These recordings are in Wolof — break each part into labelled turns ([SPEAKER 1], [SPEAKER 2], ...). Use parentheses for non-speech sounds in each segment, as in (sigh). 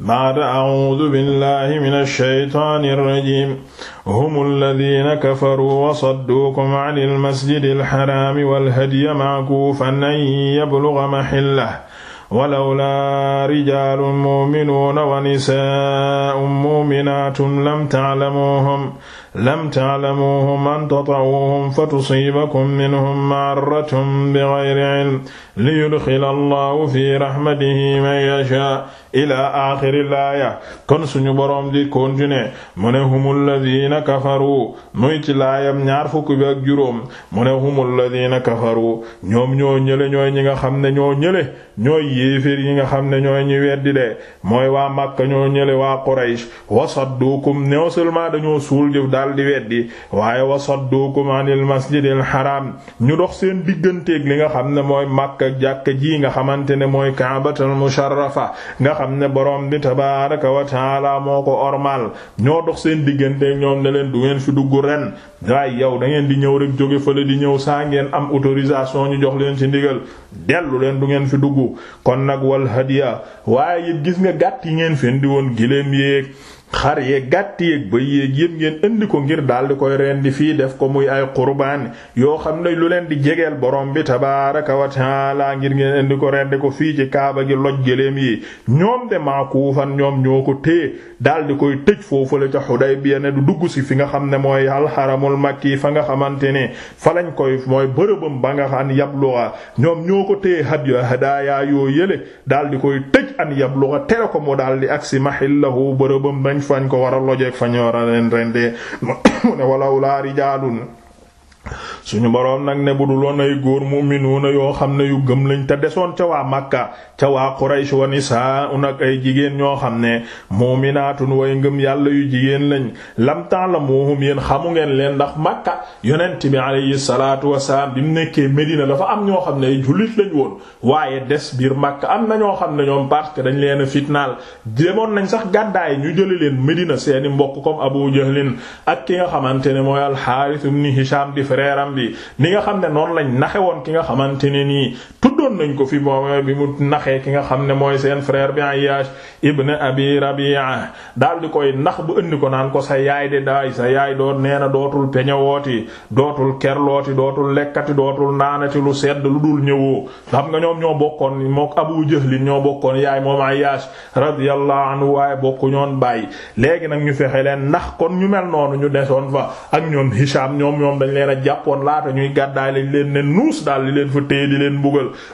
[SPEAKER 1] ba'da a'uudu billahi minash shaytaanir rajiim humul laziina kafaruu wa sadduukum anil masjidil haraami wal hadya ma'kuufan an yablugha mahillahu walawlaa rijaalun mu'minuuna wa nisaa'un mu'minaatun lam ta'lamuuhum lam ta'lamuuhum an tata'uuhum fatusiibakum minhum ma'arratun bighayri ilm liyudxila allahu fi rahmatihi man yashaa ilaa aaxiril aaya kon suñu boroom di continuer mu ne humul ladina kafaru muy ci laayam ñaar fukk bi ak juróom mu ne humul ladina kafaru ñoom ñoo ñële ñooy ñi nga xam ne ñoo ñële ñooy yéeféer yi nga xam ne ñooy ñi mooy waa Makka ñoo ñële waa Quraysh wasaddukum non seulement dañoo suul jëf daal di weddi waaye wa saddukum anil masjidil haram ñu dox seen digganteeg li nga xam ne mooy Makka jàkk ji nga xamante ne mooy Kaabatul musharrafa nga xam ne borom bi tabaaraka wa taala moo ko ormal ñoo dox seen digganteeg ñoom ne leen du ngeen fi dugg ren waaye yow da ngeen di ñëw rek jóge fële di ñëw saa ngeen am autorisation ñu jox leen ci ndigal dellu leen du ngeen fi dugg kon nag wal hadiya waaye it gis nga gàtt yi ngeen fen di woon giléem yéeg xar yeeg gàtt yeeg ba yeeg yépp ngeen indi ko ngir daldi koy rendi fii def ko muy ay qurbaan yoo xam ne lu leen di jegeel borom bi tabaaraka wa laa ngir ngeen indi ko rendi ko fii ci kaaba gi loj géléem yi ñoom de maakuufan ñoom ñoo ko téye daldi koy tëj foofu la ca Xudaybiya ne du dugg si fi nga xam ne mooy alxaramul makki fa nga xamante ne fa lañ koy mooy bërëbam ba nga xam yabluwa ñoom ñoo ko téye hadiyu hadaaya yoo yële daldi koy tëj an yabluwa daldi fañ ko war a lojeeg fa ñu war a leen rendee (coughs) mu ne walaw suñu boroom nag ne bu dul woon ay góor mu'minuuna yoo xam ne yu gëm lañ te desoon ca waa Makka ca waa Quraysh wa nisaa'un ak ay jigéen ñoo xam ne mu'minaatun way ngëm yàlla yu jigéen lañ lam ta'lamuhum yéen xamu ngeen leen ndax Makka yonent bi alayhi salaatu wasalaam bi mu nekkee Medina dafa am ñoo xam ne ay jullit lañ woon waaye des biir Makka am na ñoo xam ne ñoom parce dañ leen a fitnaal demoon nañ sax gàddaay ñu jële leen Medina seeni mbokk ko Abu Jahlin ak ki nga xamante frère am bi ni nga xam ne noonu lañ naxe woon ki nga xamante ne nii tuddoon nañ ko fi moom bi mu naxee ki nga xam ne mooy seen frère bi Ayyash ibn Abi Rabi'a daal di koy ndax bu indi ko naan ko sa yaay de daay sa yaay doo nee na dootul peñawooti dootul kerlooti dootul lekkati dootul naanati lu sedd lu dul ñëwoo xam nga ñoom ñoo bokkoon mook Abu Jahlin ñoo bokkoon yaay moom Ayyash radiyallahu anhu waaye bokku ñoon bàyyi léegi nag ñu fexe leen ndax kon ñu mel noonu ñu desoon fa ak ñoom Hisham ñoom ñoom dañ leen a jàppoon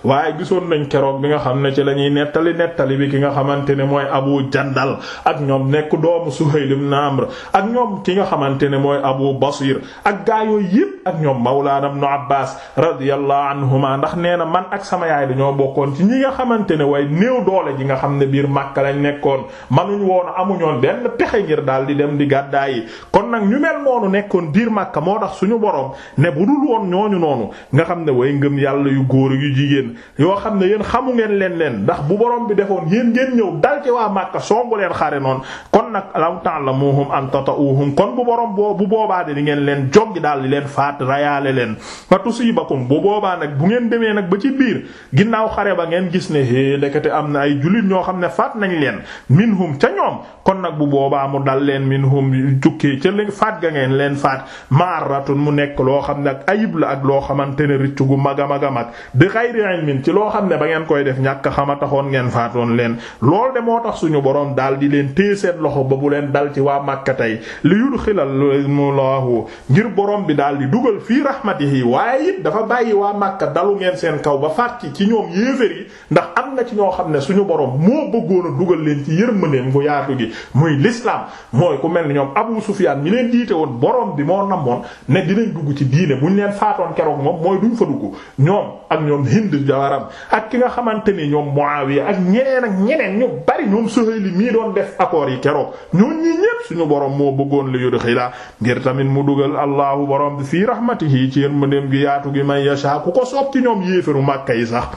[SPEAKER 1] waaye gisoon nañ keroog bi nga xam ne ci la ñuy nettali nettali bi ki nga xamante ne mooy abu jandal ak ñoom nekk doomu Suhayl ibn Amr ak ñoom ki nga xamante ne mooy abu basir ak gaa yooyu yépp ak ñoom mawlaana ibn Abbaas radiyallahu anhuma ndax nee na man ak sama yaay dañoo bokkoon ci ñi nga xamante ne way néew doole ji nga xam ne biir Makka lañ nekkoon manuñ woon amuñoon benn pexe ngir daal di dem di gàddaay kon kon nag ñu mel noonu nekkoon biir Makka moo tax suñu borom ne bu dul woon ñooñu noonu nga xam ne way ngëm yàlla yu góor yu jigéen yoo xam ne yéen xamu ngeen leen leen ndax bu borom bi defoon yéen ngeen ñëw dal ci waa Makka songu leen xare noon kon nag law ta'lamuhum an tata'uhum kon bu borom boo bu boobaa de di ngeen leen joggi daal di leen faat rayaale leen fa tusibakum bu boobaa nag bu ngeen demee nag ba ci biir ginnaaw xare ba ngeen gis ne hé ndekete am na ay jullit ñoo xam ne faat nañ leen minhum ca ñoom kon nag bu boobaa la faat ga ngeen leen faat maaratun mu nekk loo xam ne ak ayib la ak loo xamante ne rëcc gu mag a mag a mag di xayri ilmin ci loo xam ne ba ngeen koy def ñàkk xama taxoon ngeen faatoon leen lool de moo tax suñu boroom daal di leen téye seen loxo ba bu leen dal ci waa Màkka tey li mu yudxilallahu ngir boroom bi daal di dugal fii yi waaye it dafa bàyyi waa Màkka dalu ngeen seen kaw ba faat ci ñoom yéefér yi ndax am na ci ñoo xam ne suñu boroom moo bëggoon dugal leen ci yërmandeem ñi leen diite woon borom bi moo namoon ne dinañ dugg ci diine bu ñu leen faatoon keroog moom mooy duñ fa dugg ñoom ak ñoom Hind jawaram ak ki nga xamante ni ñoom Muawiya ak ñeneen ak ñeneen ñu bari ñoom Suhayli mii doon def accords yi keroog ñoon ñi ñépp suñu borom moo bëggoon li yudxila ngir tamit mu dugal allahu borom bi fii rahmatihi ci yërmandeem gi yaatu gi may yasha ku ko soob ci ñoom yéefaru Makka yi sax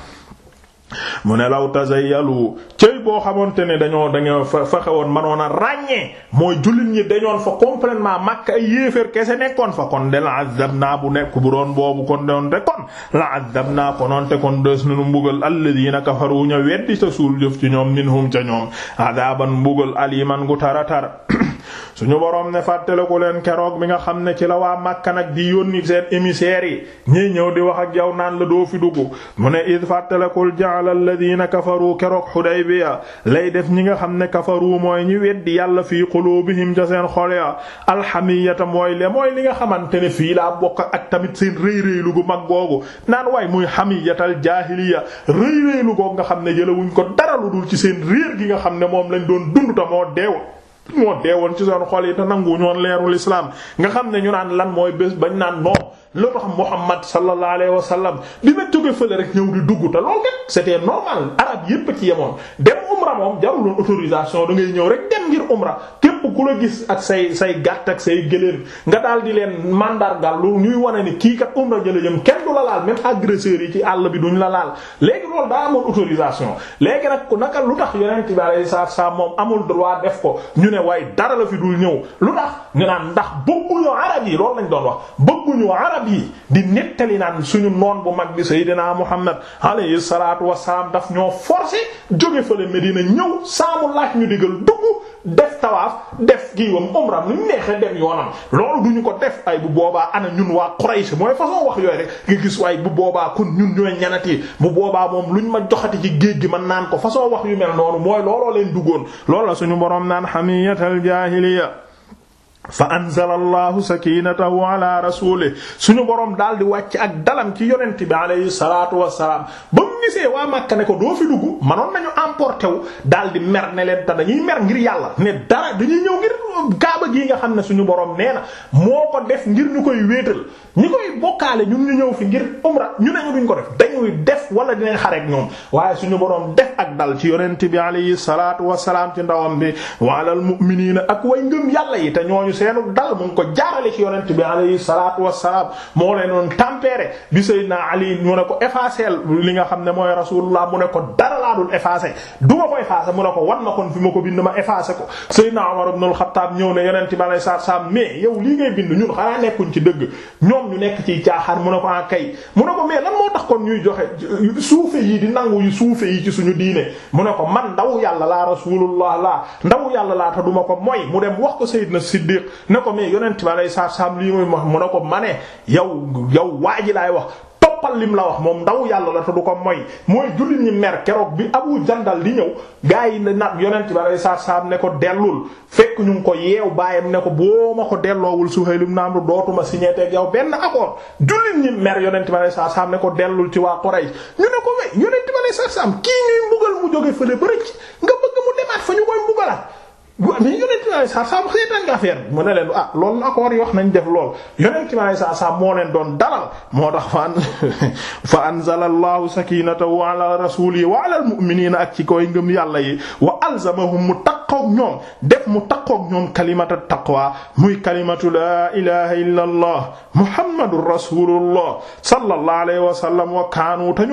[SPEAKER 1] mu ne law tazayyalu cëy boo xamante ne dañoo dañoo fa fexe woon manoon a ràññee mooy julit ñi dañoon fa complètement makk ay yéeféer kese nekkoon fa kon de la naa bu nekk bu doon boobu kon doonte kon la azabna konoonte kon des nañu mbugal alladina kafaru ña weddi sa suul jëf ci ñoom minhum ca ñoom adaban mbugal aliman gu tar suñu boroom ne fàttaliku leen keroog bi nga xam ne ci la waa Makka nag di yónni seen émissaires yi ñiy ñëw di wax ak yow naan la doo fi dugg mu ne id fàttalikul ja'ala alladhina kafaru keroog Hudaybiya lay def ñi nga xam ne kafaru mooy ñi weddi yàlla fii qulubihim ca seen xol ya alhamiyata mooy li nga xamante ne fii laa bokk ak tamit seen rëy rëylu gu mag googu naan waay muy hamiyatal jaahiliya rëy rëylu googu nga xam ne jëlawuñ ko dara lu dul ci seen réer gi nga xam ne moom lañ doon dund ta moo deew moo deewoon ci seen xol yi te nanguwuñu woon leerul islam nga xam ne ñu naan lan mooy bés bañ naan non loo tax Muhammad sallallahu alayhi wa sallam bi ma jóge fële rek ñëw di dugg te loolu kat c'était normal arab yépp a ci yemoon dem umra moom jaruloon autorisation da ngay ñëw rek dem ngir umra képp ku la gis ak say say gàtt ak say gëléen nga daal di leen mandargal lu ñuy wane ni kii kat umra jëla jëm kenn du la laal même agresseurs yi ci àll bi duñu la laal léegi loolu daa amoon autorisation léegi nag ku naka lu tax yonent bi alayhi salaatu salaam moom amul droit def ko ñu ne waaye dara la fi dul ñëw ñu naan ndax bëgguñu lañ doon wax arab yi di nettali naan suñu noon bu mag bi Seydina Muhammad alayhi salaatu wassalaam daf ñoo forcé jóge fële Medina ñëw saamu laaj ñu digal dugg def tawaaf def giiwam umra ñu neexee dem yoonam loolu duñu ko def ay bu boobaa ana ñun waa Quraysh mooy façon wax yooyu rek nga gis waaye bu boobaa kon ñun ñooy ñanati bu boobaa moom luñ ma joxati ci géej gi man naan ko façon wax yu mel noonu mooy looloo leen duggoon loolu la suñu borom naan fa anzala allahu sakinatahu ala rasulih suñu boroom daal di wàcc ak dalam ci yonent bi alayhi salatu wasalaam ba mu gisee waa Makka ne ko doo fi dugg manoon nañu wu daal di mer ne leen te dañuy mer ngir yàlla ne dara dañuy ñëw ngir kaaba gii nga xam ne suñu boroom nee moo ko def ngir ñu koy wéetal ñi koy ñu ñëw fi ngir umra ñu ne ko def def wala dinañ xareek ñoom waaye suñu boroom def ak dal ci yonent bi ndawam bi wa alal mu'minina ak way ngëm yàlla yi te ñooñu seenu dal mu ko jaarale ci yonent bi alayhi salaatu wassalaam moo leen doon tempéré bi Seydina Ali mu ne ko effacé li nga xam ne mooy Rasulullah mu ne ko dara laa dul effacé du ma ko ko wan na kon fi ma ko bind ma effacé ko Seydina Umar ibn al-Khattab ñëw ne yonent bi alayhi salaatu wassalaam mais yow lii ngay bind ñun xanaa nekkuñ ci dëgg ñoom ñu nekk ciy caaxaan mu ne ko en ah kay mu ne ko mais kon ñuy joxe suufe yi di nangu yu yi ci suñu diine mu ne ko man ndaw yàlla laa Rasulullah laa ndaw yàlla laa te duma ko moy mu dem wax ko Seydina Siddiq yëpp ne ko mais yonent ba lay saar saam lii muy wax mu ne ko manee yow yow waa ji laay wax toppal lim la wax moom ndaw yàlla la te du ko moy mooy jullit ñi mer keroog bi abu jandal di ñëw gaa yi nag yonent ba lay saar saam ne ko dellul fekk ñu ko yeew baayam ne ko boo ma ko delloowul Suhayl ibn Amr dootuma signé teg yow benn accord jullit ñi mer yonent ba lay saar saam ko dellul ci waa ko may yonent ba kii ñuy mbugal mu jóge fële bërëj nga bëgg mu demaat fa ñu koy mbugalaat mais yonent bi alayhi salaam xëy na affaire bi mu ne leen ah loolu accord yi wax nañ def lool yonent bi alayhi salaam moo leen doon dalal moo tax fa (laughs) fa anzala allahu sakinatahu ala rasulihi wa ala ak ci koy ngëm yàlla yi wa alzamahum mu taqoog ñoom mu taqoog ñoom kalimata taqwa muy kalimatu la ilaha illa allah muhammadur rasulullah sallallahu alayhi wa sallam wa kaanu te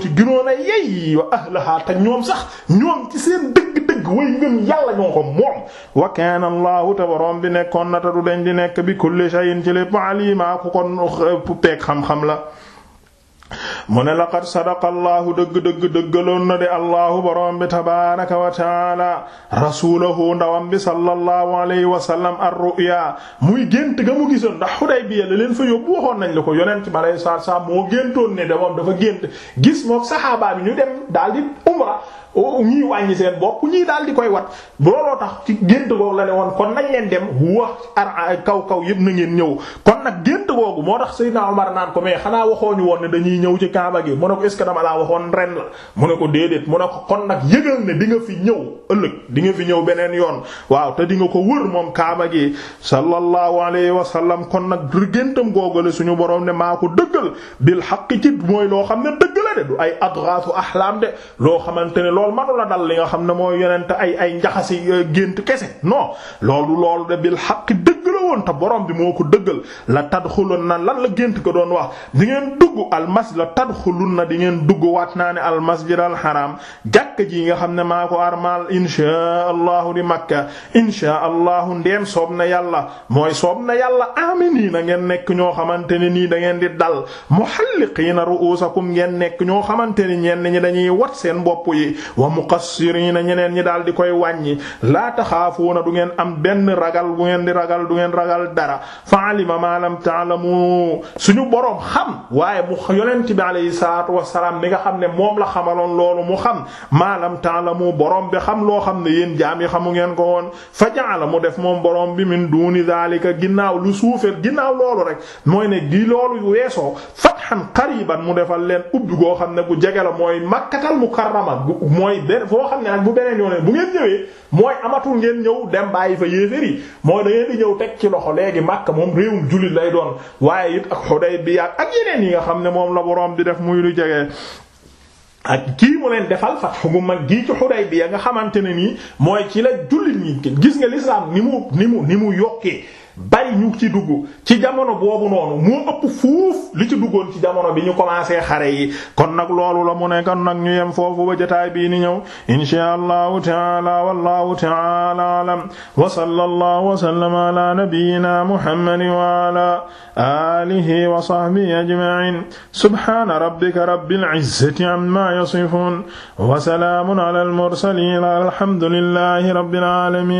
[SPEAKER 1] ci ginoon yey wa ahlaha te ñoom sax ñoom ci seen dëgg dëgg-dëgg way ngëm yàlla ñoo ko moom wa kaana te boroom bi nekkoon na te du deñ di nekk bi kulli shay'in ci lépp alima ku kon peeg xam-xam la mu ne laqad sadaqa allahu dëgg-dëgg dëggaloon na de allahu boroom bi tabaraka wa taala rasulahu ndawam bi sallallahu alayhi wa sallam ar-ru'ya muy gént ga mu gisoon ndax Hudaybiya la leen fa yóbbu waxoon nañ la ko yonent bi alayhi salaatu salaam moo géntoon ne dafa gént gis mook saxaabaa bi ñu ñii wàññi seen bopp ñii daal di koy wat looloo tax ci gént googu la ne woon kon nañ leen dem wax ar kaw kaw yëpp na ngeen ñëw kon nag gént googu moo tax Seydina Omar naan ko mais xanaa waxooñu woon ne dañuy ñëw ci Kaaba gi mu ne ko est ce que dama laa waxoon ren la mu ne ko déedéet mu ne ko kon nag yëgal ne di nga fi ñëw ëllëg di nga fi ñëw beneen yoon waaw te di nga ko wër moom Kaaba gi sallallahu alayhi wa sallam kon nag géntam googu la suñu borom ne maa ko dëggal bil xaq ci mooy loo xam ne dëgg la de du ay adghaasu ahlaam de loo xamante loolu manu la dal li nga xam ne moo yonent ay ay njaxasi euh, gént kese non loolu loolu de bil haqq woon te borom bi moo ko dëggal la tadxulun na lan la gént ko doon wax di ngeen dugg almas la tadxulun na di ngeen dugg waat naa ne almasjid alxaram jàkk ji nga xam ne maa ko armal inshaa allahu di makka inshaa allahu ndeem soob na yàlla mooy soob na yàlla a ngeen nekk ñoo xamante ne nii da ngeen di dal muhalliqiina ru'uusakum ngeen nekk ñoo xamante ni ñenn ñi dañuy wat seen bopp yi wa muqassiriina ñeneen ñi daal di koy wàññi laa taxaafuuna du ngeen ragal dara fa alima ma lam ta'lamu suñu boroom xam waaye mu yonent bi alayhi salaatu wassalaam mi nga xam ne moom la xamaloon loolu mu xam ma lam ta'lamu boroom bi xam loo xam ne yéen jaam yi ngeen ko woon fa ja'ala mu def moom boroom bi min duuni daalika ginnaaw lu suufee ginnaaw loolu rek mooy ne gi loolu weesoo fathan qariban mu defal leen ubbi goo xam ne gu jege la mooy makkatal mukarrama mooy benn foo xam ne nag bu beneen yoonee bu ngeen ñëwee mooy amatul ngeen ñëw dem bàyyi fa yéeféer yi mooy da di ñëw teg ci loxo léegi Makka moom réewum jullit lay doon waaye it ak Hudaybiya ak yeneen yi nga xam ne moom la boroom di def muy lu jege. ak kii mu leen defal fatxu gu mag gii ci Hudaybiya nga xamante ne nii mooy ci la jullit ñi gis nga lislaam ni mu ni mu ni mu yokkee bari ñu ci dugg ci jamono boobu noonu moo ëpp fuuf li ci duggoon ci jamono bi ñu commencé xare yi kon nag loolu la mu ne kon nag ñu yem foofu ba jotaay bii ni ñëw insha allahu taala wallahu taala alam wa sallallahu wa sallama ala nabiyyina muhammadin wa ala alihi wa sahbihi ajma'in subhana rabbika rabbil izzati amma yasifun wa salamun ala al mursalin alhamdulillahi rabbil alamin